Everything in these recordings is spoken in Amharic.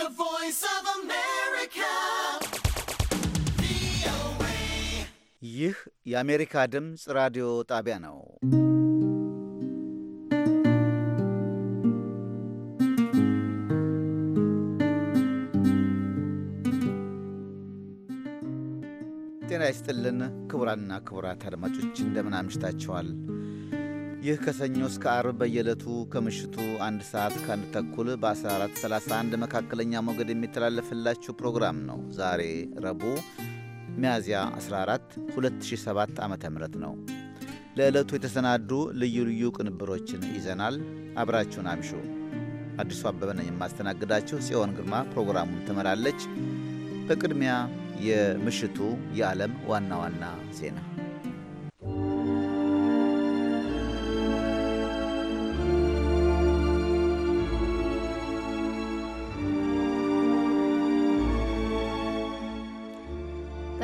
The Voice of America. ይህ የአሜሪካ ድምፅ ራዲዮ ጣቢያ ነው። ጤና ይስጥልን ክቡራንና ክቡራት አድማጮች እንደምን አምሽታችኋል? ይህ ከሰኞ እስከ አርብ በየዕለቱ ከምሽቱ አንድ ሰዓት ከአንድ ተኩል በ1431 መካከለኛ ሞገድ የሚተላለፍላችሁ ፕሮግራም ነው። ዛሬ ረቡዕ ሚያዝያ 14 2007 ዓ ም ነው። ለዕለቱ የተሰናዱ ልዩ ልዩ ቅንብሮችን ይዘናል። አብራችሁን አምሹ። አዲሱ አበበ ነኝ የማስተናግዳችሁ። ጽዮን ግርማ ፕሮግራሙን ትመራለች። በቅድሚያ የምሽቱ የዓለም ዋና ዋና ዜና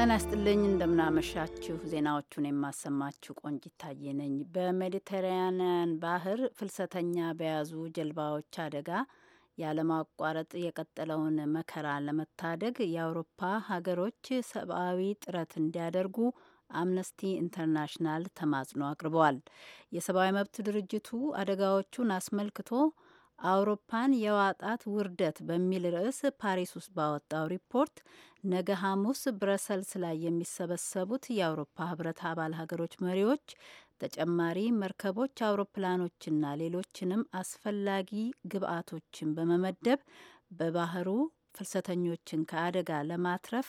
ጤና ይስጥልኝ እንደምናመሻችሁ። ዜናዎቹን የማሰማችሁ ቆንጂት ታየ ነኝ። በሜዲተራንያን ባህር ፍልሰተኛ በያዙ ጀልባዎች አደጋ ያለማቋረጥ የቀጠለውን መከራ ለመታደግ የአውሮፓ ሀገሮች ሰብአዊ ጥረት እንዲያደርጉ አምነስቲ ኢንተርናሽናል ተማጽኖ አቅርበዋል። የሰብአዊ መብት ድርጅቱ አደጋዎቹን አስመልክቶ አውሮፓን የዋጣት ውርደት በሚል ርዕስ ፓሪስ ውስጥ ባወጣው ሪፖርት ነገ ሐሙስ ብረሰልስ ላይ የሚሰበሰቡት የአውሮፓ ህብረት አባል ሀገሮች መሪዎች ተጨማሪ መርከቦች፣ አውሮፕላኖችና ሌሎችንም አስፈላጊ ግብአቶችን በመመደብ በባህሩ ፍልሰተኞችን ከአደጋ ለማትረፍ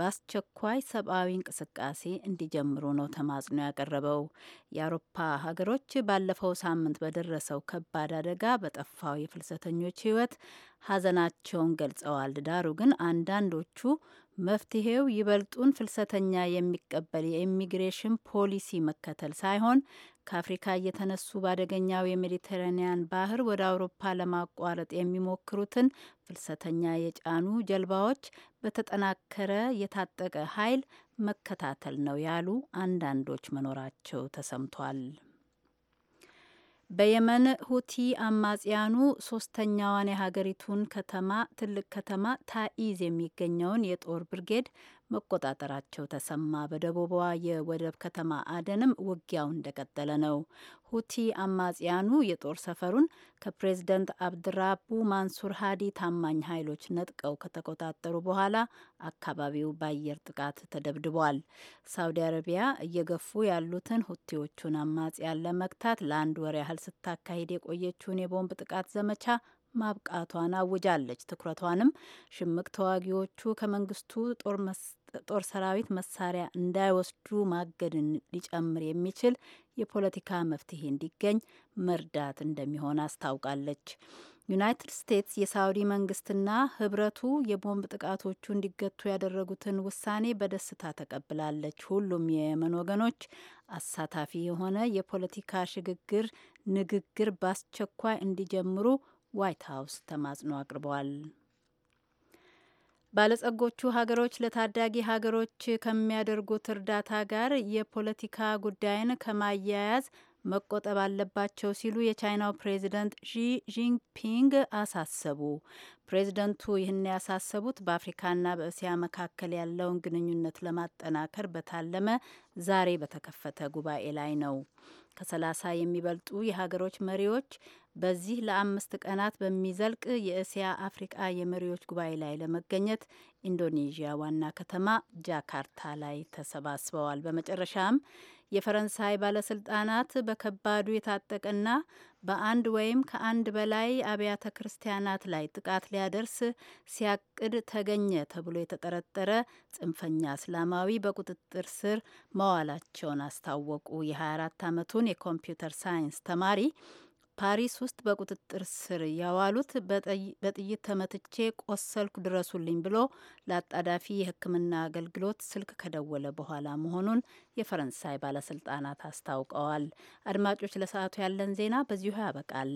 በአስቸኳይ ሰብአዊ እንቅስቃሴ እንዲጀምሩ ነው ተማጽኖ ያቀረበው። የአውሮፓ ሀገሮች ባለፈው ሳምንት በደረሰው ከባድ አደጋ በጠፋው የፍልሰተኞች ሕይወት ሀዘናቸውን ገልጸዋል። ዳሩ ግን አንዳንዶቹ መፍትሄው ይበልጡን ፍልሰተኛ የሚቀበል የኢሚግሬሽን ፖሊሲ መከተል ሳይሆን ከአፍሪካ እየተነሱ በአደገኛው የሜዲተራኒያን ባህር ወደ አውሮፓ ለማቋረጥ የሚሞክሩትን ፍልሰተኛ የጫኑ ጀልባዎች በተጠናከረ የታጠቀ ኃይል መከታተል ነው ያሉ አንዳንዶች መኖራቸው ተሰምቷል። በየመን ሁቲ አማጽያኑ ሶስተኛዋን የሀገሪቱን ከተማ ትልቅ ከተማ ታኢዝ የሚገኘውን የጦር ብርጌድ መቆጣጠራቸው ተሰማ። በደቡቧ የወደብ ከተማ አደንም ውጊያው እንደቀጠለ ነው። ሁቲ አማጽያኑ የጦር ሰፈሩን ከፕሬዝደንት አብድራቡ ማንሱር ሀዲ ታማኝ ኃይሎች ነጥቀው ከተቆጣጠሩ በኋላ አካባቢው በአየር ጥቃት ተደብድቧል። ሳውዲ አረቢያ እየገፉ ያሉትን ሁቲዎቹን አማጽያን ለመግታት ለአንድ ወር ያህል ስታካሂድ የቆየችውን የቦምብ ጥቃት ዘመቻ ማብቃቷን አውጃለች። ትኩረቷንም ሽምቅ ተዋጊዎቹ ከመንግስቱ ጦር መስ ጦር ሰራዊት መሳሪያ እንዳይወስዱ ማገድን ሊጨምር የሚችል የፖለቲካ መፍትሄ እንዲገኝ መርዳት እንደሚሆን አስታውቃለች። ዩናይትድ ስቴትስ የሳውዲ መንግስትና ህብረቱ የቦምብ ጥቃቶቹ እንዲገቱ ያደረጉትን ውሳኔ በደስታ ተቀብላለች። ሁሉም የየመን ወገኖች አሳታፊ የሆነ የፖለቲካ ሽግግር ንግግር በአስቸኳይ እንዲጀምሩ ዋይት ሀውስ ተማጽኖ አቅርበዋል። ባለጸጎቹ ሀገሮች ለታዳጊ ሀገሮች ከሚያደርጉት እርዳታ ጋር የፖለቲካ ጉዳይን ከማያያዝ መቆጠብ አለባቸው ሲሉ የቻይናው ፕሬዚደንት ዢ ጂንፒንግ አሳሰቡ። ፕሬዚደንቱ ይህን ያሳሰቡት በአፍሪካና በእስያ መካከል ያለውን ግንኙነት ለማጠናከር በታለመ ዛሬ በተከፈተ ጉባኤ ላይ ነው። ከሰላሳ የሚበልጡ የሀገሮች መሪዎች በዚህ ለአምስት ቀናት በሚዘልቅ የእስያ አፍሪቃ የመሪዎች ጉባኤ ላይ ለመገኘት ኢንዶኔዥያ ዋና ከተማ ጃካርታ ላይ ተሰባስበዋል። በመጨረሻም የፈረንሳይ ባለስልጣናት በከባዱ የታጠቀና በአንድ ወይም ከአንድ በላይ አብያተ ክርስቲያናት ላይ ጥቃት ሊያደርስ ሲያቅድ ተገኘ ተብሎ የተጠረጠረ ጽንፈኛ እስላማዊ በቁጥጥር ስር መዋላቸውን አስታወቁ። የ24 ዓመቱን የኮምፒውተር ሳይንስ ተማሪ ፓሪስ ውስጥ በቁጥጥር ስር ያዋሉት በጥይት ተመትቼ ቆሰልኩ ድረሱልኝ ብሎ ለአጣዳፊ የሕክምና አገልግሎት ስልክ ከደወለ በኋላ መሆኑን የፈረንሳይ ባለስልጣናት አስታውቀዋል። አድማጮች፣ ለሰዓቱ ያለን ዜና በዚሁ ያበቃል።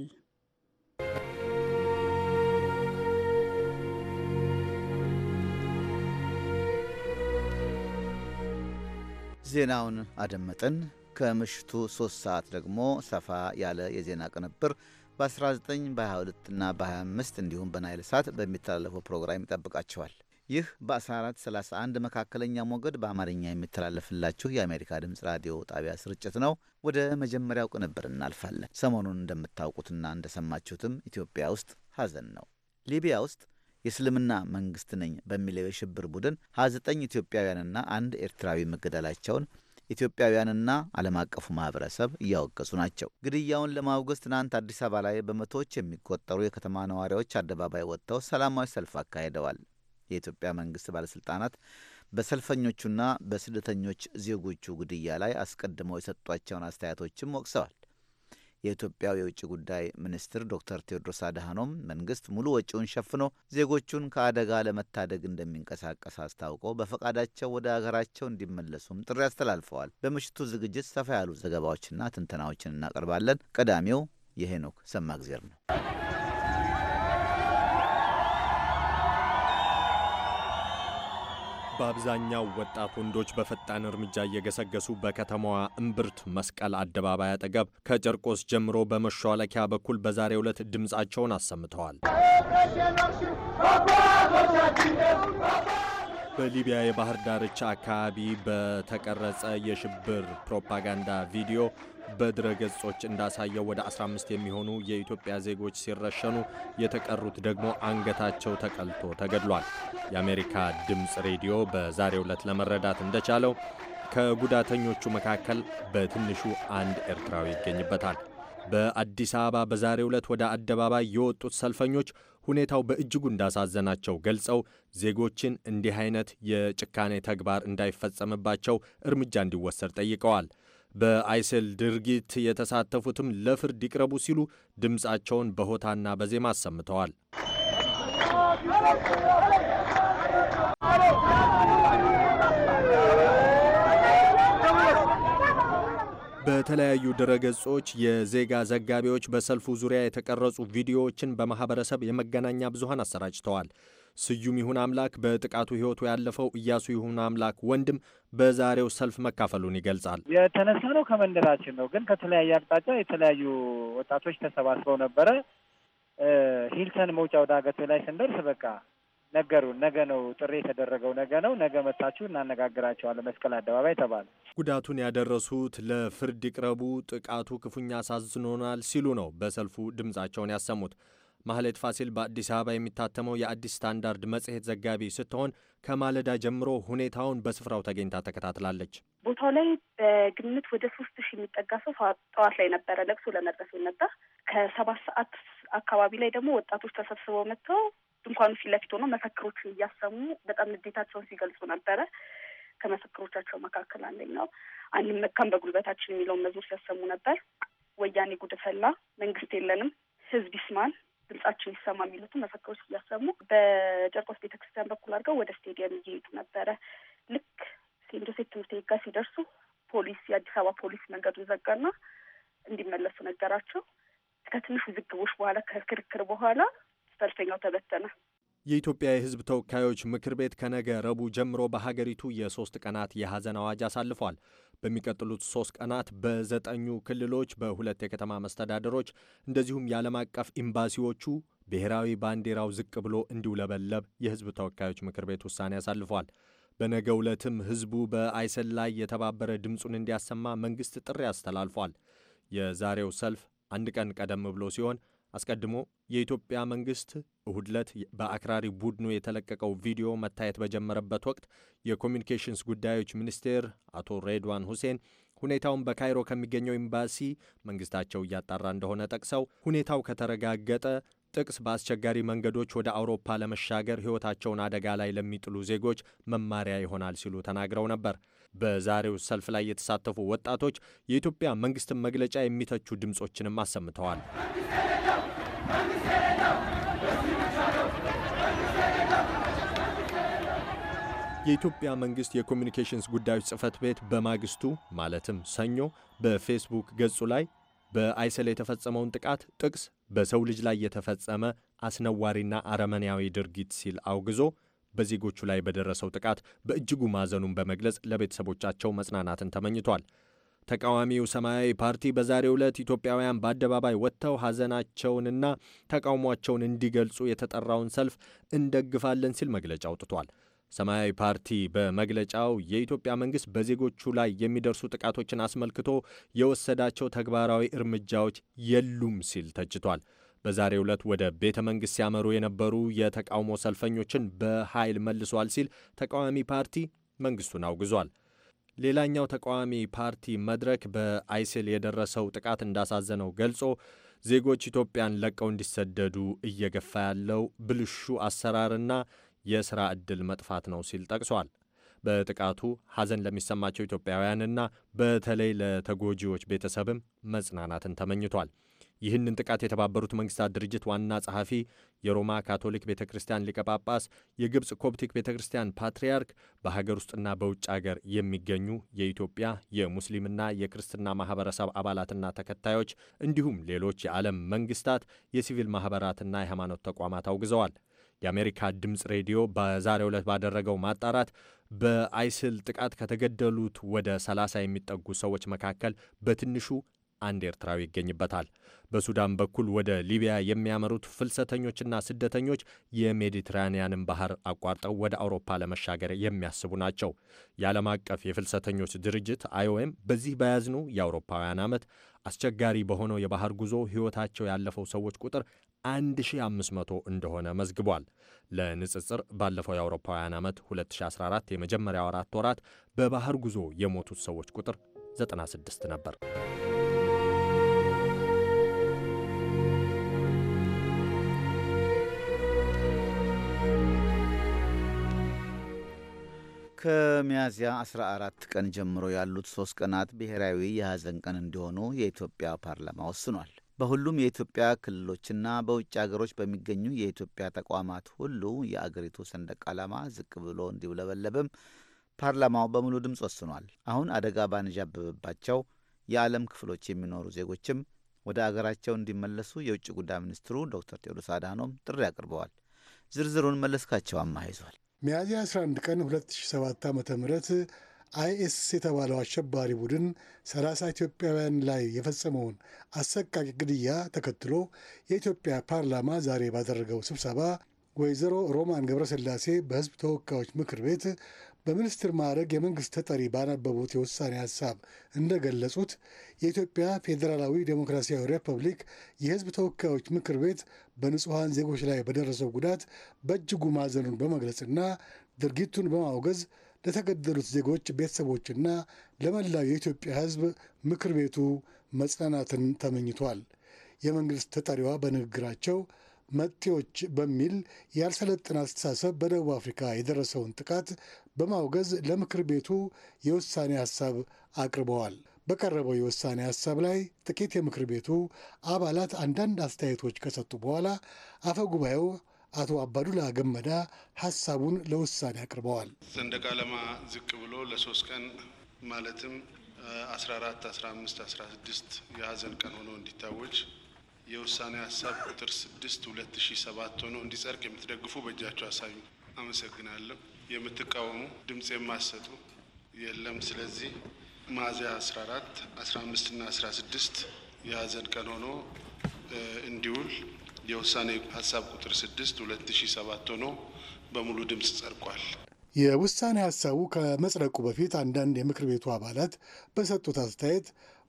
ዜናውን አደመጥን። ከምሽቱ 3 ሰዓት ደግሞ ሰፋ ያለ የዜና ቅንብር በ19 በ22 እና በ25 እንዲሁም በናይል ሳት በሚተላለፈው ፕሮግራም ይጠብቃቸዋል። ይህ በ1431 መካከለኛ ሞገድ በአማርኛ የሚተላለፍላችሁ የአሜሪካ ድምፅ ራዲዮ ጣቢያ ስርጭት ነው። ወደ መጀመሪያው ቅንብር እናልፋለን። ሰሞኑን እንደምታውቁትና እንደሰማችሁትም ኢትዮጵያ ውስጥ ሐዘን ነው። ሊቢያ ውስጥ የእስልምና መንግስት ነኝ በሚለው የሽብር ቡድን 29 ኢትዮጵያውያንና አንድ ኤርትራዊ መገደላቸውን ኢትዮጵያውያንና ዓለም አቀፉ ማህበረሰብ እያወገዙ ናቸው። ግድያውን ለማውገዝ ትናንት አዲስ አበባ ላይ በመቶዎች የሚቆጠሩ የከተማ ነዋሪዎች አደባባይ ወጥተው ሰላማዊ ሰልፍ አካሂደዋል። የኢትዮጵያ መንግስት ባለስልጣናት በሰልፈኞቹና በስደተኞች ዜጎቹ ግድያ ላይ አስቀድመው የሰጧቸውን አስተያየቶችም ወቅሰዋል። የኢትዮጵያው የውጭ ጉዳይ ሚኒስትር ዶክተር ቴዎድሮስ አድሃኖም መንግስት ሙሉ ወጪውን ሸፍኖ ዜጎቹን ከአደጋ ለመታደግ እንደሚንቀሳቀስ አስታውቆ በፈቃዳቸው ወደ አገራቸው እንዲመለሱም ጥሪ አስተላልፈዋል። በምሽቱ ዝግጅት ሰፋ ያሉ ዘገባዎችና ትንተናዎችን እናቀርባለን። ቀዳሚው የሄኖክ ሰማግዜር ነው። በአብዛኛው ወጣት ወንዶች በፈጣን እርምጃ እየገሰገሱ በከተማዋ እምብርት መስቀል አደባባይ አጠገብ ከጨርቆስ ጀምሮ በመሿለኪያ በኩል በዛሬ ዕለት ድምፃቸውን አሰምተዋል። በሊቢያ የባህር ዳርቻ አካባቢ በተቀረጸ የሽብር ፕሮፓጋንዳ ቪዲዮ በድረገጾች እንዳሳየው ወደ 15 የሚሆኑ የኢትዮጵያ ዜጎች ሲረሸኑ የተቀሩት ደግሞ አንገታቸው ተቀልቶ ተገድሏል። የአሜሪካ ድምፅ ሬዲዮ በዛሬው ዕለት ለመረዳት እንደቻለው ከጉዳተኞቹ መካከል በትንሹ አንድ ኤርትራዊ ይገኝበታል። በአዲስ አበባ በዛሬው ዕለት ወደ አደባባይ የወጡት ሰልፈኞች ሁኔታው በእጅጉ እንዳሳዘናቸው ገልጸው ዜጎችን እንዲህ አይነት የጭካኔ ተግባር እንዳይፈጸምባቸው እርምጃ እንዲወሰድ ጠይቀዋል። በአይሴል ድርጊት የተሳተፉትም ለፍርድ ይቅረቡ ሲሉ ድምፃቸውን በሆታና በዜማ አሰምተዋል። በተለያዩ ድረገጾች የዜጋ ዘጋቢዎች በሰልፉ ዙሪያ የተቀረጹ ቪዲዮዎችን በማኅበረሰብ የመገናኛ ብዙሃን አሰራጭተዋል። ስዩም ይሁን አምላክ በጥቃቱ ህይወቱ ያለፈው እያሱ ይሁን አምላክ ወንድም በዛሬው ሰልፍ መካፈሉን ይገልጻል። የተነሳ ነው ከመንደራችን ነው፣ ግን ከተለያየ አቅጣጫ የተለያዩ ወጣቶች ተሰባስበው ነበረ። ሂልተን መውጫ ወደ አገቴ ላይ ስንደርስ በቃ ነገሩ ነገ ነው ጥሪ የተደረገው ነገ ነው፣ ነገ መታችሁ እናነጋግራቸዋለን መስቀል አደባባይ ተባለ። ጉዳቱን ያደረሱት ለፍርድ ይቅረቡ፣ ጥቃቱ ክፉኛ አሳዝኖናል ሲሉ ነው በሰልፉ ድምጻቸውን ያሰሙት። ማህሌት ፋሲል በአዲስ አበባ የሚታተመው የአዲስ ስታንዳርድ መጽሔት ዘጋቢ ስትሆን ከማለዳ ጀምሮ ሁኔታውን በስፍራው ተገኝታ ተከታትላለች። ቦታው ላይ በግምት ወደ ሶስት ሺህ የሚጠጋ ሰው ጠዋት ላይ ነበረ ለቅሶ ለመድረስ ነጣ ከሰባት ሰዓት አካባቢ ላይ ደግሞ ወጣቶች ተሰብስበው መጥተው ድንኳኑ ፊት ለፊት ሆነው መፈክሮችን እያሰሙ በጣም ንዴታቸውን ሲገልጹ ነበረ። ከመፈክሮቻቸው መካከል አንደኛው አንመካም በጉልበታችን የሚለውን መዝሙር ሲያሰሙ ነበር። ወያኔ ጉድፈላ፣ መንግስት የለንም፣ ህዝብ ይስማን፣ ድምጻቸው ይሰማ የሚሉትን መፈክሮች እያሰሙ በጨርቆስ ቤተክርስቲያን በኩል አድርገው ወደ ስቴዲየም እየሄዱ ነበረ። ልክ ሴንት ጆሴፍ ትምህርት ቤት ጋር ሲደርሱ ፖሊስ፣ የአዲስ አበባ ፖሊስ መንገዱን ዘጋና እንዲመለሱ ነገራቸው። ከትንሽ ውዝግቦች በኋላ ከክርክር በኋላ ሰልፈኛው ተበተነ። የኢትዮጵያ የሕዝብ ተወካዮች ምክር ቤት ከነገ ረቡዕ ጀምሮ በሀገሪቱ የሶስት ቀናት የሐዘን አዋጅ አሳልፏል። በሚቀጥሉት ሶስት ቀናት በዘጠኙ ክልሎች በሁለት የከተማ መስተዳደሮች እንደዚሁም የዓለም አቀፍ ኤምባሲዎቹ ብሔራዊ ባንዲራው ዝቅ ብሎ እንዲውለበለብ የሕዝብ ተወካዮች ምክር ቤት ውሳኔ አሳልፏል። በነገ ዕለትም ሕዝቡ በአይሰል ላይ የተባበረ ድምፁን እንዲያሰማ መንግሥት ጥሪ አስተላልፏል። የዛሬው ሰልፍ አንድ ቀን ቀደም ብሎ ሲሆን አስቀድሞ የኢትዮጵያ መንግስት እሁድ ዕለት በአክራሪ ቡድኑ የተለቀቀው ቪዲዮ መታየት በጀመረበት ወቅት የኮሚኒኬሽንስ ጉዳዮች ሚኒስቴር አቶ ሬድዋን ሁሴን ሁኔታውን በካይሮ ከሚገኘው ኤምባሲ መንግስታቸው እያጣራ እንደሆነ ጠቅሰው ሁኔታው ከተረጋገጠ ጥቅስ በአስቸጋሪ መንገዶች ወደ አውሮፓ ለመሻገር ሕይወታቸውን አደጋ ላይ ለሚጥሉ ዜጎች መማሪያ ይሆናል ሲሉ ተናግረው ነበር። በዛሬው ሰልፍ ላይ የተሳተፉ ወጣቶች የኢትዮጵያ መንግስትን መግለጫ የሚተቹ ድምፆችንም አሰምተዋል። የኢትዮጵያ መንግስት የኮሚኒኬሽንስ ጉዳዮች ጽህፈት ቤት በማግስቱ ማለትም ሰኞ በፌስቡክ ገጹ ላይ በአይሰል የተፈጸመውን ጥቃት ጥቅስ በሰው ልጅ ላይ የተፈጸመ አስነዋሪና አረመኔያዊ ድርጊት ሲል አውግዞ በዜጎቹ ላይ በደረሰው ጥቃት በእጅጉ ማዘኑን በመግለጽ ለቤተሰቦቻቸው መጽናናትን ተመኝቷል። ተቃዋሚው ሰማያዊ ፓርቲ በዛሬው ዕለት ኢትዮጵያውያን በአደባባይ ወጥተው ሐዘናቸውንና ተቃውሟቸውን እንዲገልጹ የተጠራውን ሰልፍ እንደግፋለን ሲል መግለጫ አውጥቷል። ሰማያዊ ፓርቲ በመግለጫው የኢትዮጵያ መንግሥት በዜጎቹ ላይ የሚደርሱ ጥቃቶችን አስመልክቶ የወሰዳቸው ተግባራዊ እርምጃዎች የሉም ሲል ተችቷል። በዛሬ ዕለት ወደ ቤተ መንግሥት ሲያመሩ የነበሩ የተቃውሞ ሰልፈኞችን በኃይል መልሷል ሲል ተቃዋሚ ፓርቲ መንግሥቱን አውግዟል። ሌላኛው ተቃዋሚ ፓርቲ መድረክ በአይሲል የደረሰው ጥቃት እንዳሳዘነው ገልጾ ዜጎች ኢትዮጵያን ለቀው እንዲሰደዱ እየገፋ ያለው ብልሹ አሰራርና የሥራ ዕድል መጥፋት ነው ሲል ጠቅሷል። በጥቃቱ ሐዘን ለሚሰማቸው ኢትዮጵያውያንና በተለይ ለተጎጂዎች ቤተሰብም መጽናናትን ተመኝቷል። ይህንን ጥቃት የተባበሩት መንግስታት ድርጅት ዋና ጸሐፊ፣ የሮማ ካቶሊክ ቤተ ክርስቲያን ሊቀ ጳጳስ፣ የግብፅ ኮፕቲክ ቤተ ክርስቲያን ፓትርያርክ፣ በሀገር ውስጥና በውጭ አገር የሚገኙ የኢትዮጵያ የሙስሊምና የክርስትና ማህበረሰብ አባላትና ተከታዮች እንዲሁም ሌሎች የዓለም መንግስታት የሲቪል ማህበራትና የሃይማኖት ተቋማት አውግዘዋል። የአሜሪካ ድምፅ ሬዲዮ በዛሬው ዕለት ባደረገው ማጣራት በአይስል ጥቃት ከተገደሉት ወደ 30 የሚጠጉ ሰዎች መካከል በትንሹ አንድ ኤርትራዊ ይገኝበታል። በሱዳን በኩል ወደ ሊቢያ የሚያመሩት ፍልሰተኞችና ስደተኞች የሜዲትራንያንን ባህር አቋርጠው ወደ አውሮፓ ለመሻገር የሚያስቡ ናቸው። የዓለም አቀፍ የፍልሰተኞች ድርጅት አይኦኤም በዚህ በያዝኑ የአውሮፓውያን ዓመት አስቸጋሪ በሆነው የባህር ጉዞ ሕይወታቸው ያለፈው ሰዎች ቁጥር 1500 እንደሆነ መዝግቧል። ለንጽጽር ባለፈው የአውሮፓውያን ዓመት 2014 የመጀመሪያው አራት ወራት በባህር ጉዞ የሞቱት ሰዎች ቁጥር 96 ነበር። ከሚያዝያ 14 ቀን ጀምሮ ያሉት ሶስት ቀናት ብሔራዊ የሐዘን ቀን እንዲሆኑ የኢትዮጵያ ፓርላማ ወስኗል። በሁሉም የኢትዮጵያ ክልሎችና በውጭ አገሮች በሚገኙ የኢትዮጵያ ተቋማት ሁሉ የአገሪቱ ሰንደቅ ዓላማ ዝቅ ብሎ እንዲውለበለብም ፓርላማው በሙሉ ድምፅ ወስኗል። አሁን አደጋ ባንዣበበባቸው የዓለም ክፍሎች የሚኖሩ ዜጎችም ወደ አገራቸው እንዲመለሱ የውጭ ጉዳይ ሚኒስትሩ ዶክተር ቴዎድሮስ አድሃኖም ጥሪ አቅርበዋል። ዝርዝሩን መለስካቸው አማ ይዟል። ሚያዝያ 11 ቀን 2007 ዓ ም አይኤስ የተባለው አሸባሪ ቡድን 30 ኢትዮጵያውያን ላይ የፈጸመውን አሰቃቂ ግድያ ተከትሎ የኢትዮጵያ ፓርላማ ዛሬ ባደረገው ስብሰባ ወይዘሮ ሮማን ገብረስላሴ በሕዝብ ተወካዮች ምክር ቤት በሚኒስትር ማዕረግ የመንግስት ተጠሪ ባነበቡት የውሳኔ ሀሳብ እንደገለጹት የኢትዮጵያ ፌዴራላዊ ዴሞክራሲያዊ ሪፐብሊክ የሕዝብ ተወካዮች ምክር ቤት በንጹሐን ዜጎች ላይ በደረሰው ጉዳት በእጅጉ ማዘኑን በመግለጽና ድርጊቱን በማውገዝ ለተገደሉት ዜጎች ቤተሰቦችና ለመላው የኢትዮጵያ ሕዝብ ምክር ቤቱ መጽናናትን ተመኝቷል። የመንግስት ተጠሪዋ በንግግራቸው መጤዎች በሚል ያልሰለጠነ አስተሳሰብ በደቡብ አፍሪካ የደረሰውን ጥቃት በማውገዝ ለምክር ቤቱ የውሳኔ ሀሳብ አቅርበዋል። በቀረበው የውሳኔ ሀሳብ ላይ ጥቂት የምክር ቤቱ አባላት አንዳንድ አስተያየቶች ከሰጡ በኋላ አፈ ጉባኤው አቶ አባዱላ ገመዳ ሀሳቡን ለውሳኔ አቅርበዋል። ሰንደቅ ዓላማ ዝቅ ብሎ ለሶስት ቀን ማለትም 14፣ 15፣ 16 የሀዘን ቀን ሆኖ እንዲታወጅ የውሳኔ ሀሳብ ቁጥር 6 2007 ሆኖ እንዲጸድቅ የምትደግፉ በእጃቸው አሳዩ። አመሰግናለሁ። የምትቃወሙ ድምፅ የማሰጡ የለም። ስለዚህ ሚያዝያ 14፣ 15 እና 16 የሀዘን ቀን ሆኖ እንዲውል የውሳኔ ሀሳብ ቁጥር 6 2007 ሆኖ በሙሉ ድምፅ ጸድቋል። የውሳኔ ሀሳቡ ከመጽደቁ በፊት አንዳንድ የምክር ቤቱ አባላት በሰጡት አስተያየት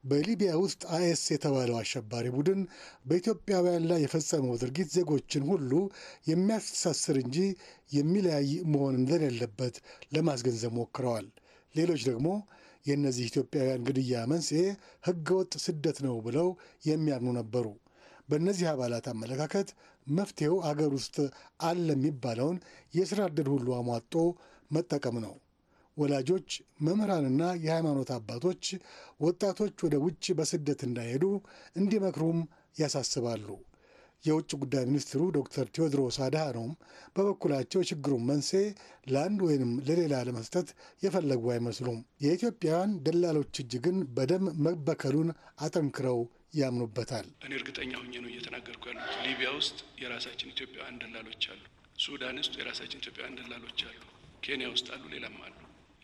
በሊቢያ ውስጥ አይኤስ የተባለው አሸባሪ ቡድን በኢትዮጵያውያን ላይ የፈጸመው ድርጊት ዜጎችን ሁሉ የሚያስተሳስር እንጂ የሚለያይ መሆን እንደሌለበት ለማስገንዘብ ሞክረዋል። ሌሎች ደግሞ የእነዚህ ኢትዮጵያውያን ግድያ መንስኤ ሕገወጥ ስደት ነው ብለው የሚያምኑ ነበሩ። በእነዚህ አባላት አመለካከት መፍትሄው አገር ውስጥ አለ የሚባለውን የስራ ዕድል ሁሉ አሟጦ መጠቀም ነው። ወላጆች፣ መምህራንና የሃይማኖት አባቶች ወጣቶች ወደ ውጭ በስደት እንዳይሄዱ እንዲመክሩም ያሳስባሉ። የውጭ ጉዳይ ሚኒስትሩ ዶክተር ቴዎድሮስ አድሃኖም በበኩላቸው ችግሩን መንስኤ ለአንድ ወይንም ለሌላ ለመስጠት የፈለጉ አይመስሉም። የኢትዮጵያውያን ደላሎች እጅ ግን በደም መበከሉን አጠንክረው ያምኑበታል። እኔ እርግጠኛ ሁኜ ነው እየተናገርኩ ያሉት። ሊቢያ ውስጥ የራሳችን ኢትዮጵያውያን ደላሎች አሉ። ሱዳን ውስጥ የራሳችን ኢትዮጵያውያን ደላሎች አሉ። ኬንያ ውስጥ አሉ፣ ሌላም አሉ።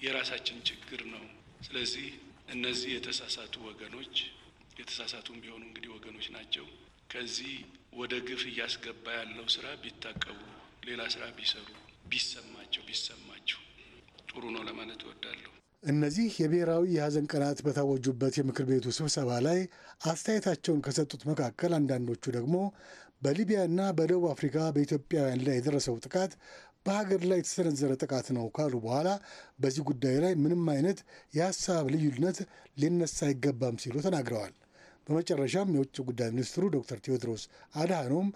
የራሳችን ችግር ነው። ስለዚህ እነዚህ የተሳሳቱ ወገኖች የተሳሳቱም ቢሆኑ እንግዲህ ወገኖች ናቸው። ከዚህ ወደ ግፍ እያስገባ ያለው ስራ ቢታቀቡ፣ ሌላ ስራ ቢሰሩ፣ ቢሰማቸው ቢሰማቸው ጥሩ ነው ለማለት እወዳለሁ። እነዚህ የብሔራዊ የሐዘን ቀናት በታወጁበት የምክር ቤቱ ስብሰባ ላይ አስተያየታቸውን ከሰጡት መካከል አንዳንዶቹ ደግሞ በሊቢያና በደቡብ አፍሪካ በኢትዮጵያውያን ላይ የደረሰው ጥቃት በሀገር ላይ የተሰነዘረ ጥቃት ነው ካሉ በኋላ በዚህ ጉዳይ ላይ ምንም አይነት የሀሳብ ልዩነት ሊነሳ አይገባም ሲሉ ተናግረዋል። በመጨረሻም የውጭ ጉዳይ ሚኒስትሩ ዶክተር ቴዎድሮስ አድሃኖም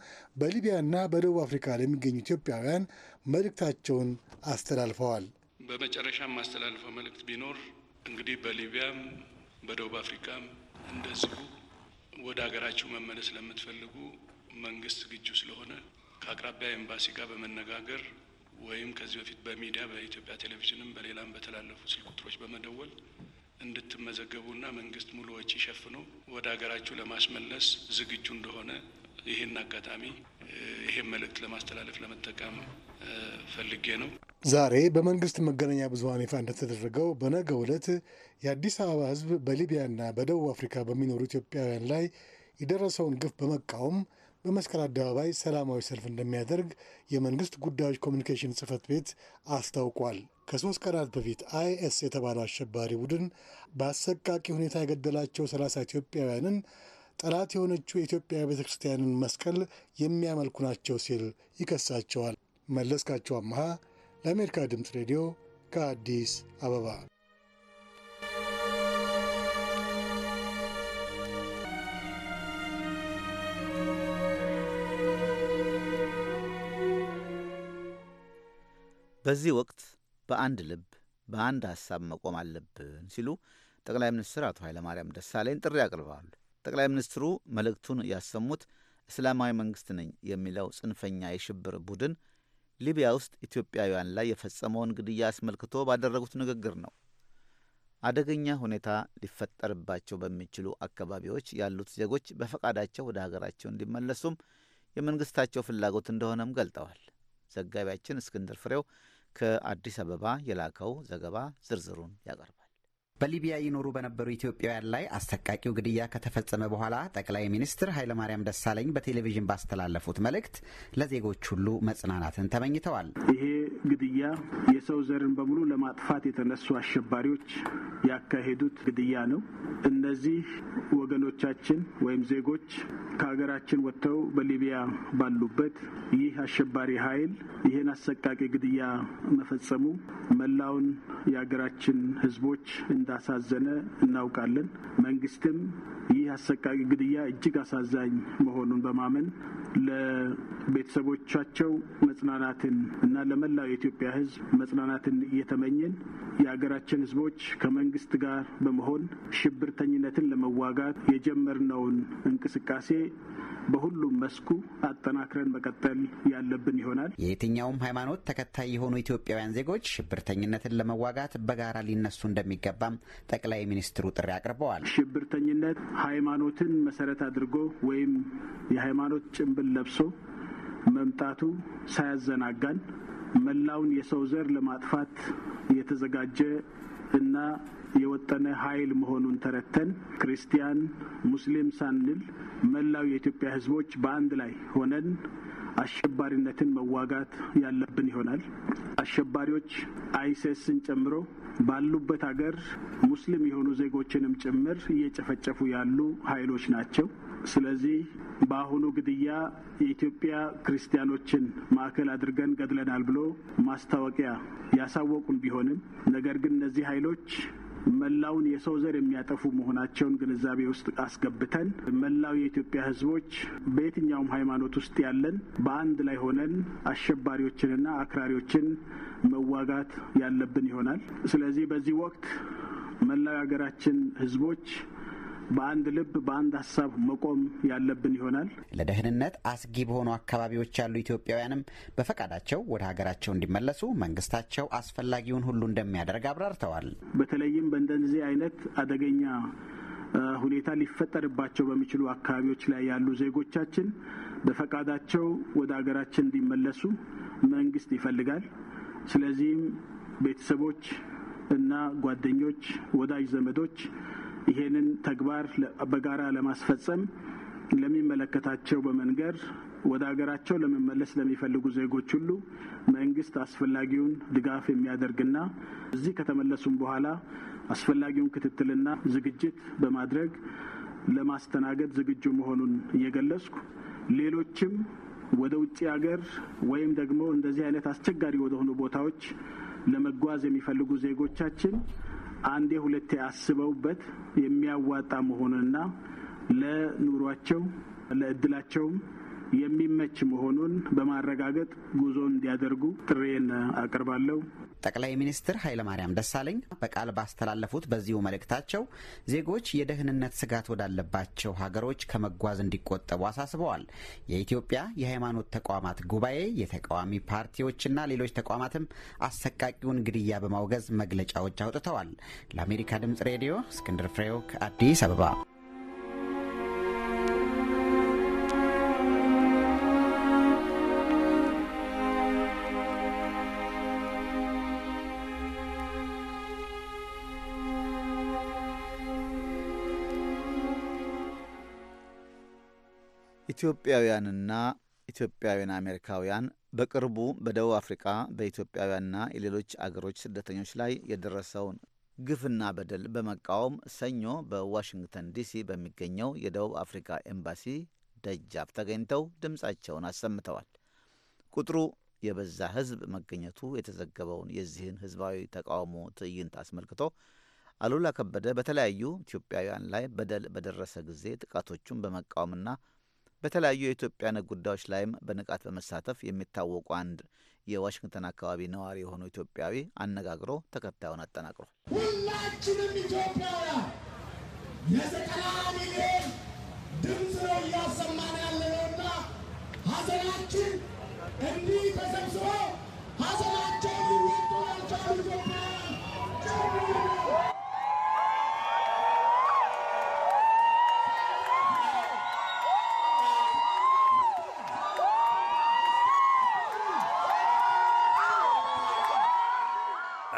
በሊቢያና በደቡብ አፍሪካ ለሚገኙ ኢትዮጵያውያን መልእክታቸውን አስተላልፈዋል። በመጨረሻም ማስተላልፈው መልእክት ቢኖር እንግዲህ በሊቢያም በደቡብ አፍሪካም እንደዚሁ ወደ ሀገራችሁ መመለስ ለምትፈልጉ መንግስት ዝግጁ ስለሆነ ከአቅራቢያ ኤምባሲ ጋር በመነጋገር ወይም ከዚህ በፊት በሚዲያ በኢትዮጵያ ቴሌቪዥንም በሌላም በተላለፉ ስልክ ቁጥሮች በመደወል እንድትመዘገቡና መንግስት ሙሉ ወጪ ሸፍኖ ወደ ሀገራችሁ ለማስመለስ ዝግጁ እንደሆነ ይህን አጋጣሚ ይህን መልእክት ለማስተላለፍ ለመጠቀም ፈልጌ ነው። ዛሬ በመንግስት መገናኛ ብዙሀን ይፋ እንደተደረገው በነገ ዕለት የአዲስ አበባ ህዝብ በሊቢያና በደቡብ አፍሪካ በሚኖሩ ኢትዮጵያውያን ላይ የደረሰውን ግፍ በመቃወም በመስቀል አደባባይ ሰላማዊ ሰልፍ እንደሚያደርግ የመንግስት ጉዳዮች ኮሚኒኬሽን ጽህፈት ቤት አስታውቋል። ከሶስት ቀናት በፊት አይኤስ የተባለው አሸባሪ ቡድን በአሰቃቂ ሁኔታ የገደላቸው ሰላሳ ኢትዮጵያውያንን ጠላት የሆነችው የኢትዮጵያ ቤተ ክርስቲያንን መስቀል የሚያመልኩ ናቸው ሲል ይከሳቸዋል። መለስካቸው አመሃ ለአሜሪካ ድምፅ ሬዲዮ ከአዲስ አበባ በዚህ ወቅት በአንድ ልብ በአንድ ሀሳብ መቆም አለብን ሲሉ ጠቅላይ ሚኒስትር አቶ ኃይለማርያም ደሳለኝ ጥሪ አቅርበዋል። ጠቅላይ ሚኒስትሩ መልእክቱን ያሰሙት እስላማዊ መንግስት ነኝ የሚለው ጽንፈኛ የሽብር ቡድን ሊቢያ ውስጥ ኢትዮጵያውያን ላይ የፈጸመውን ግድያ አስመልክቶ ባደረጉት ንግግር ነው። አደገኛ ሁኔታ ሊፈጠርባቸው በሚችሉ አካባቢዎች ያሉት ዜጎች በፈቃዳቸው ወደ ሀገራቸው እንዲመለሱም የመንግስታቸው ፍላጎት እንደሆነም ገልጠዋል። ዘጋቢያችን እስክንድር ፍሬው ከአዲስ አበባ የላከው ዘገባ ዝርዝሩን ያቀርባል። በሊቢያ ይኖሩ በነበሩ ኢትዮጵያውያን ላይ አሰቃቂው ግድያ ከተፈጸመ በኋላ ጠቅላይ ሚኒስትር ኃይለማርያም ደሳለኝ በቴሌቪዥን ባስተላለፉት መልእክት ለዜጎች ሁሉ መጽናናትን ተመኝተዋል። ይሄ ግድያ የሰው ዘርን በሙሉ ለማጥፋት የተነሱ አሸባሪዎች ያካሄዱት ግድያ ነው። እነዚህ ወገኖቻችን ወይም ዜጎች ከሀገራችን ወጥተው በሊቢያ ባሉበት ይህ አሸባሪ ኃይል ይህን አሰቃቂ ግድያ መፈጸሙ መላውን የሀገራችን ሕዝቦች እንዳሳዘነ እናውቃለን። መንግስትም ይህ አሰቃቂ ግድያ እጅግ አሳዛኝ መሆኑን በማመን ለቤተሰቦቻቸው መጽናናትን እና ለመላው የኢትዮጵያ ሕዝብ መጽናናትን እየተመኘን የሀገራችን ህዝቦች ከመንግስት ጋር በመሆን ሽብርተኝነትን ለመዋጋት የጀመርነውን እንቅስቃሴ በሁሉም መስኩ አጠናክረን መቀጠል ያለብን ይሆናል። የየትኛውም ሃይማኖት ተከታይ የሆኑ ኢትዮጵያውያን ዜጎች ሽብርተኝነትን ለመዋጋት በጋራ ሊነሱ እንደሚገባም ጠቅላይ ሚኒስትሩ ጥሪ አቅርበዋል። ሽብርተኝነት ሃይማኖትን መሰረት አድርጎ ወይም የሃይማኖት ጭንብል ለብሶ መምጣቱ ሳያዘናጋን መላውን የሰው ዘር ለማጥፋት የተዘጋጀ እና የወጠነ ኃይል መሆኑን ተረተን ክርስቲያን፣ ሙስሊም ሳንል መላው የኢትዮጵያ ሕዝቦች በአንድ ላይ ሆነን አሸባሪነትን መዋጋት ያለብን ይሆናል። አሸባሪዎች አይሴስን ጨምሮ ባሉበት ሀገር ሙስሊም የሆኑ ዜጎችንም ጭምር እየጨፈጨፉ ያሉ ኃይሎች ናቸው። ስለዚህ በአሁኑ ግድያ የኢትዮጵያ ክርስቲያኖችን ማዕከል አድርገን ገድለናል ብሎ ማስታወቂያ ያሳወቁን ቢሆንም ነገር ግን እነዚህ ኃይሎች መላውን የሰው ዘር የሚያጠፉ መሆናቸውን ግንዛቤ ውስጥ አስገብተን መላው የኢትዮጵያ ሕዝቦች በየትኛውም ሃይማኖት ውስጥ ያለን በአንድ ላይ ሆነን አሸባሪዎችንና አክራሪዎችን መዋጋት ያለብን ይሆናል። ስለዚህ በዚህ ወቅት መላው የሀገራችን ሕዝቦች በአንድ ልብ በአንድ ሀሳብ መቆም ያለብን ይሆናል። ለደህንነት አስጊ በሆኑ አካባቢዎች ያሉ ኢትዮጵያውያንም በፈቃዳቸው ወደ ሀገራቸው እንዲመለሱ መንግስታቸው አስፈላጊውን ሁሉ እንደሚያደርግ አብራርተዋል። በተለይም በእንደዚህ አይነት አደገኛ ሁኔታ ሊፈጠርባቸው በሚችሉ አካባቢዎች ላይ ያሉ ዜጎቻችን በፈቃዳቸው ወደ ሀገራችን እንዲመለሱ መንግስት ይፈልጋል። ስለዚህም ቤተሰቦች እና ጓደኞች፣ ወዳጅ ዘመዶች ይሄንን ተግባር በጋራ ለማስፈጸም ለሚመለከታቸው በመንገድ ወደ ሀገራቸው ለመመለስ ለሚፈልጉ ዜጎች ሁሉ መንግስት አስፈላጊውን ድጋፍ የሚያደርግና እዚህ ከተመለሱም በኋላ አስፈላጊውን ክትትልና ዝግጅት በማድረግ ለማስተናገድ ዝግጁ መሆኑን እየገለጽኩ ሌሎችም ወደ ውጭ ሀገር ወይም ደግሞ እንደዚህ አይነት አስቸጋሪ ወደሆኑ ቦታዎች ለመጓዝ የሚፈልጉ ዜጎቻችን አንዴ ሁለቴ አስበውበት የሚያዋጣ መሆኑንና ለኑሯቸው ለእድላቸውም የሚመች መሆኑን በማረጋገጥ ጉዞ እንዲያደርጉ ጥሬን አቀርባለሁ። ጠቅላይ ሚኒስትር ኃይለማርያም ደሳለኝ በቃል ባስተላለፉት በዚሁ መልእክታቸው ዜጎች የደህንነት ስጋት ወዳለባቸው ሀገሮች ከመጓዝ እንዲቆጠቡ አሳስበዋል። የኢትዮጵያ የሃይማኖት ተቋማት ጉባኤ፣ የተቃዋሚ ፓርቲዎችና ሌሎች ተቋማትም አሰቃቂውን ግድያ በማውገዝ መግለጫዎች አውጥተዋል። ለአሜሪካ ድምጽ ሬዲዮ እስክንድር ፍሬው ከአዲስ አበባ ኢትዮጵያውያንና ኢትዮጵያውያን አሜሪካውያን በቅርቡ በደቡብ አፍሪካ በኢትዮጵያውያንና የሌሎች አገሮች ስደተኞች ላይ የደረሰውን ግፍና በደል በመቃወም ሰኞ በዋሽንግተን ዲሲ በሚገኘው የደቡብ አፍሪካ ኤምባሲ ደጃፍ ተገኝተው ድምፃቸውን አሰምተዋል። ቁጥሩ የበዛ ሕዝብ መገኘቱ የተዘገበውን የዚህን ሕዝባዊ ተቃውሞ ትዕይንት አስመልክቶ አሉላ ከበደ በተለያዩ ኢትዮጵያውያን ላይ በደል በደረሰ ጊዜ ጥቃቶቹን በመቃወምና በተለያዩ የኢትዮጵያን ጉዳዮች ላይም በንቃት በመሳተፍ የሚታወቁ አንድ የዋሽንግተን አካባቢ ነዋሪ የሆኑ ኢትዮጵያዊ አነጋግሮ ተከታዩን አጠናቅሯል። ሁላችንም ኢትዮጵያውያን የዘጠና ሚሊዮን ድምፅ ነው እያሰማን ያለነውና ሀዘናችን እንዲህ ተሰብስበው ሀዘናቸው ሊወጡ ያልቻሉ ኢትዮጵያውያን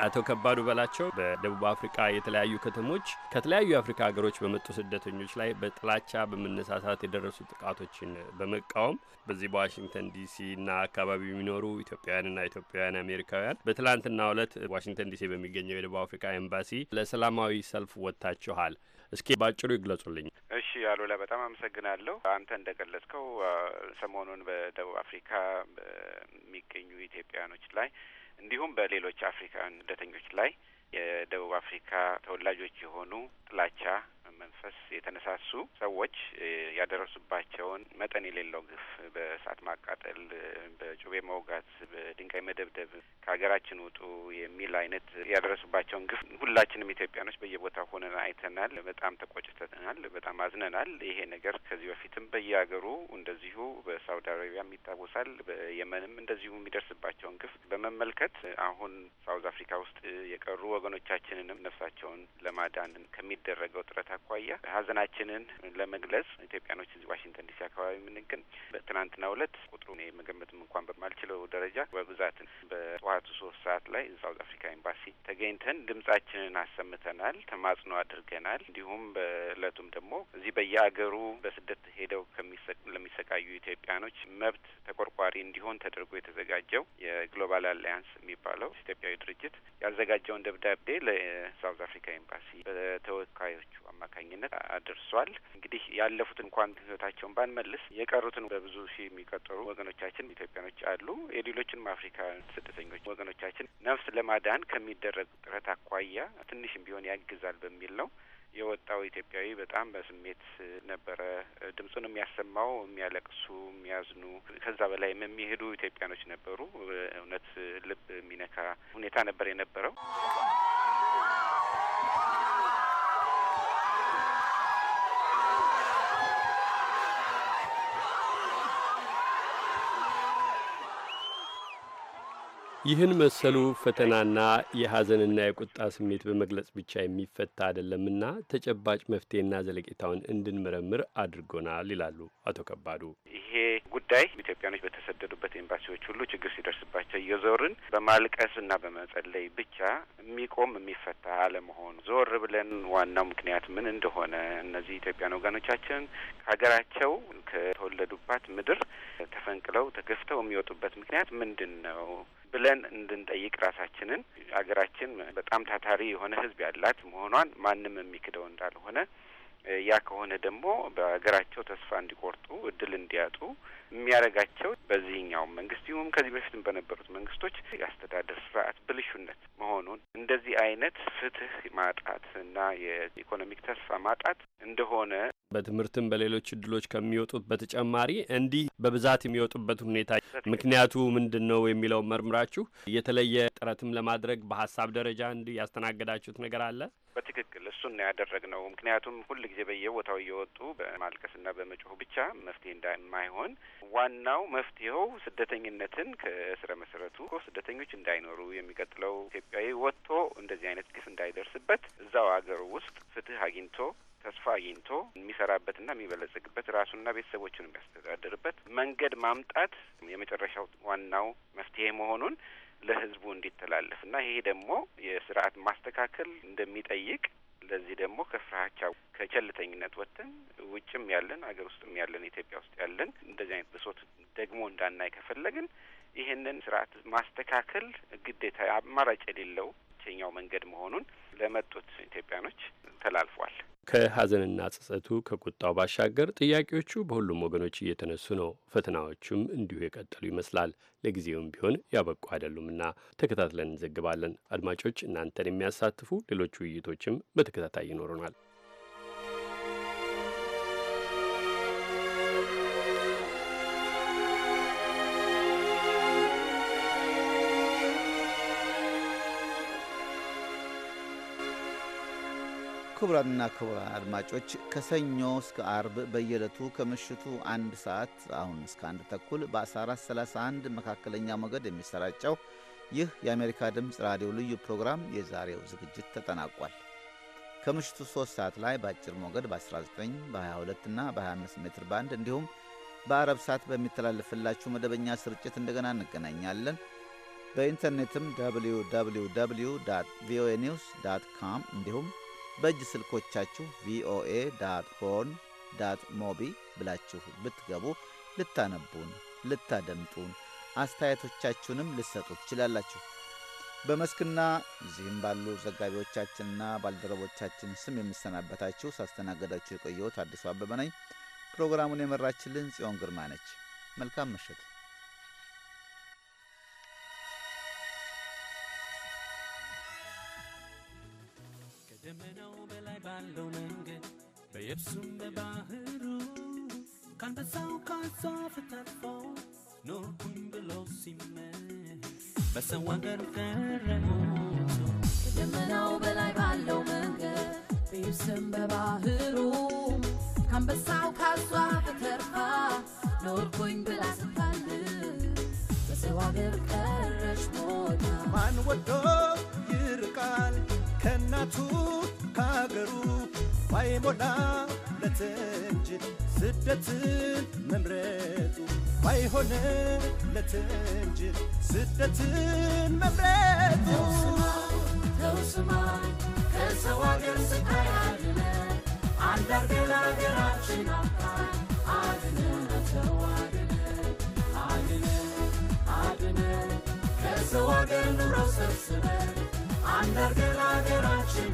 አቶ ከባዱ በላቸው በደቡብ አፍሪካ የተለያዩ ከተሞች ከተለያዩ የአፍሪካ ሀገሮች በመጡ ስደተኞች ላይ በጥላቻ በመነሳሳት የደረሱ ጥቃቶችን በመቃወም በዚህ በዋሽንግተን እና አካባቢ የሚኖሩ ኢትዮጵያውያንና ኢትዮጵያውያን አሜሪካውያን በትላንትና ዕለት ዋሽንግተን ዲሲ በሚገኘው የደቡብ አፍሪካ ኤምባሲ ለሰላማዊ ሰልፍ ወጥታችኋል። እስኪ ባጭሩ ይግለጹልኝ። እሺ አሉላ፣ በጣም አመሰግናለሁ። አንተ እንደገለጽከው ሰሞኑን በደቡብ አፍሪካ በሚገኙ ኢትዮጵያውያኖች ላይ እንዲሁም በሌሎች አፍሪካውያን ስደተኞች ላይ የደቡብ አፍሪካ ተወላጆች የሆኑ ጥላቻ መንፈስ የተነሳሱ ሰዎች ያደረሱባቸውን መጠን የሌለው ግፍ በእሳት ማቃጠል፣ በጩቤ መውጋት፣ በድንጋይ መደብደብ፣ ከሀገራችን ውጡ የሚል አይነት ያደረሱባቸውን ግፍ ሁላችንም ኢትዮጵያኖች በየቦታው ሆነን አይተናል። በጣም ተቆጭተናል። በጣም አዝነናል። ይሄ ነገር ከዚህ በፊትም በየሀገሩ እንደዚሁ በሳውዲ አረቢያም ይታወሳል። በየመንም እንደዚሁ የሚደርስባቸውን ግፍ በመመልከት አሁን ሳውዝ አፍሪካ ውስጥ የቀሩ ወገኖቻችንንም ነፍሳቸውን ለማዳን ከሚደረገው ጥረት አኳያ ሀዘናችንን ለመግለጽ ኢትዮጵያኖች እዚህ ዋሽንግተን ዲሲ አካባቢ የምንገኝ በትናንትናው ቁጥሩ ቁጥሩን መገመትም እንኳን በማልችለው ደረጃ በብዛት በጠዋቱ ሶስት ሰዓት ላይ ሳውዝ አፍሪካ ኤምባሲ ተገኝተን ድምጻችንን አሰምተናል፣ ተማጽኖ አድርገናል። እንዲሁም በእለቱም ደግሞ እዚህ በየአገሩ በስደት ሄደው ለሚሰቃዩ ኢትዮጵያኖች መብት ተቆርቋሪ እንዲሆን ተደርጎ የተዘጋጀው የግሎባል አሊያንስ የሚባለው ኢትዮጵያዊ ድርጅት ያዘጋጀውን ደብዳቤ ለሳውዝ አፍሪካ ኤምባሲ በተወካዮቹ አማ አማካኝነት አድርሷል። እንግዲህ ያለፉት እንኳን ህይወታቸውን ባንመልስ የቀሩትን በብዙ ሺህ የሚቆጠሩ ወገኖቻችን ኢትዮጵያኖች አሉ። የሌሎችንም አፍሪካ ስደተኞች ወገኖቻችን ነፍስ ለማዳን ከሚደረግ ጥረት አኳያ ትንሽም ቢሆን ያግዛል በሚል ነው የወጣው ኢትዮጵያዊ በጣም በስሜት ነበረ ድምፁን የሚያሰማው። የሚያለቅሱ፣ የሚያዝኑ ከዛ በላይ የሚሄዱ ኢትዮጵያኖች ነበሩ። እውነት ልብ የሚነካ ሁኔታ ነበር የነበረው። ይህን መሰሉ ፈተናና የሐዘንና የቁጣ ስሜት በመግለጽ ብቻ የሚፈታ አይደለምና ተጨባጭ መፍትሄና ዘለቄታውን እንድንመረምር አድርጎናል ይላሉ አቶ ከባዱ። ይሄ ጉዳይ ኢትዮጵያኖች በተሰደዱበት ኤምባሲዎች ሁሉ ችግር ሲደርስባቸው እየዞርን በማልቀስ እና በመጸለይ ብቻ የሚቆም የሚፈታ አለመሆኑ ዞር ብለን ዋናው ምክንያት ምን እንደሆነ እነዚህ ኢትዮጵያን ወገኖቻችን ከሀገራቸው ከተወለዱባት ምድር ተፈንቅለው ተገፍተው የሚወጡበት ምክንያት ምንድን ነው? ብለን እንድንጠይቅ ራሳችንን ሀገራችን በጣም ታታሪ የሆነ ህዝብ ያላት መሆኗን ማንም የሚክደው እንዳልሆነ ያ ከሆነ ደግሞ በሀገራቸው ተስፋ እንዲቆርጡ እድል እንዲያጡ የሚያደርጋቸው በዚህኛውም መንግስት ይሁን ከዚህ በፊትም በነበሩት መንግስቶች የአስተዳደር ስርዓት ብልሹነት መሆኑን እንደዚህ አይነት ፍትህ ማጣት እና የኢኮኖሚክ ተስፋ ማጣት እንደሆነ በትምህርትም በሌሎች እድሎች ከሚወጡት በተጨማሪ እንዲህ በብዛት የሚወጡበት ሁኔታ ምክንያቱ ምንድን ነው የሚለው መርምራችሁ የተለየ ጥረትም ለማድረግ በሀሳብ ደረጃ እንዲህ ያስተናገዳችሁት ነገር አለ? እሱን ነው ያደረግነው። ምክንያቱም ሁል ጊዜ በየቦታው እየወጡ በማልቀስና በመጮህ ብቻ መፍትሄ እንደማይሆን ዋናው መፍትሄው ስደተኝነትን ከስረ መሰረቱ ስደተኞች እንዳይኖሩ የሚቀጥለው ኢትዮጵያዊ ወጥቶ እንደዚህ አይነት ግፍ እንዳይደርስበት እዛው አገር ውስጥ ፍትህ አግኝቶ ተስፋ አግኝቶ የሚሰራበትና የሚበለጽግበት ራሱና ቤተሰቦችን የሚያስተዳድርበት መንገድ ማምጣት የመጨረሻው ዋናው መፍትሄ መሆኑን ለህዝቡ እንዲተላለፍና ይሄ ደግሞ የስርዓት ማስተካከል እንደሚጠይቅ ለዚህ ደግሞ ከፍራቻ ከቸልተኝነት ወጥተን ውጭም ያለን አገር ውስጥም ያለን ኢትዮጵያ ውስጥ ያለን እንደዚህ አይነት ብሶት ደግሞ እንዳናይ ከፈለግን ይህንን ስርዓት ማስተካከል ግዴታ አማራጭ የሌለው ብቸኛው መንገድ መሆኑን ለመጡት ኢትዮጵያኖች ተላልፏል። ከሐዘንና ጸጸቱ ከቁጣው ባሻገር ጥያቄዎቹ በሁሉም ወገኖች እየተነሱ ነው። ፈተናዎቹም እንዲሁ የቀጠሉ ይመስላል። ለጊዜውም ቢሆን ያበቁ አይደሉምና ተከታትለን እንዘግባለን። አድማጮች፣ እናንተን የሚያሳትፉ ሌሎች ውይይቶችም በተከታታይ ይኖሩናል። ክቡራንና ክቡራን አድማጮች ከሰኞ እስከ አርብ በየዕለቱ ከምሽቱ አንድ ሰዓት አሁን እስከ አንድ ተኩል በ1431 መካከለኛ ሞገድ የሚሰራጨው ይህ የአሜሪካ ድምፅ ራዲዮ ልዩ ፕሮግራም የዛሬው ዝግጅት ተጠናቋል። ከምሽቱ 3 ሰዓት ላይ በአጭር ሞገድ በ19 በ22 እና በ25 ሜትር ባንድ እንዲሁም በአረብ ሰዓት በሚተላለፍላችሁ መደበኛ ስርጭት እንደገና እንገናኛለን። በኢንተርኔትም www ቪኦኤ ኒውስ ዳት ካም እንዲሁም በእጅ ስልኮቻችሁ ቪኦኤ ዳት ሆን ዳት ሞቢ ብላችሁ ብትገቡ ልታነቡን፣ ልታደምጡን፣ አስተያየቶቻችሁንም ልትሰጡ ትችላላችሁ። በመስክና እዚህም ባሉ ዘጋቢዎቻችንና ባልደረቦቻችን ስም የምሰናበታችሁ ሳስተናገዳችሁ የቆየሁት አዲሱ አበበ ነኝ። ፕሮግራሙን የመራችልን ጽዮን ግርማ ነች። መልካም ምሽት። የብሱም በባህሩ ካንበሳው ካሳ ተርፎ ኖርኩኝ ብሎ ሲመኝ በሰው አገር ገረሞቱ ከደመናው በላይ ባለው መንገድ በባህሩ ካንበሳው ካሷ ተርፋ ኖርኩኝ ብላ ስታል በሰው አገር ሞታ ማን ወዶ ይርቃል ከእናቱ ከአገሩ ባይሞላ ለተንጅ እንጂ ስደትን መምረጡ ባይሆነ ለት ስደትን መምረጡ ተውስማ ከሰው አገር ስቃይ አድነ አገራችን አድነ አድነ አድነ ከሰው አገር ኑሮ አገራችን